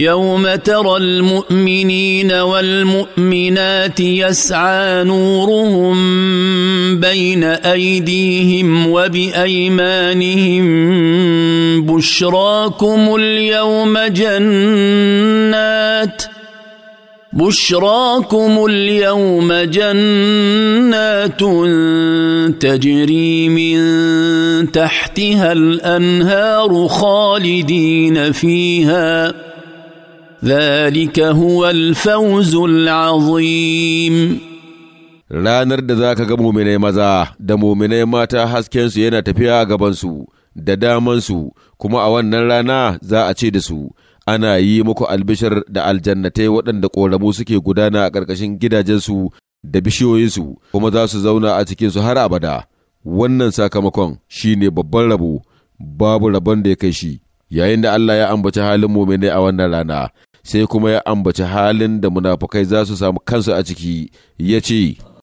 يوم ترى المؤمنين والمؤمنات يسعى نورهم بين ايديهم وبايمانهم بشراكم اليوم جنات بشراكم اليوم جنات تجري من تحتها الانهار خالدين فيها ذلك هو الفوز العظيم ranar da za ka ga muminai maza da muminai mata haskensu yana tafiya a gabansu da damansu kuma a wannan rana za a ce da su ana yi muku albishir da aljannatai waɗanda ƙoramu suke gudana a ƙarƙashin gidajensu da bishiyoyinsu kuma za su zauna a cikinsu har abada wannan sakamakon shi ne babban rabo babu rabon da ya kai shi yayin da Allah ya ambaci halin muminai a wannan rana sai kuma ya ambaci halin da munafukai za su samu kansu a ciki ya ce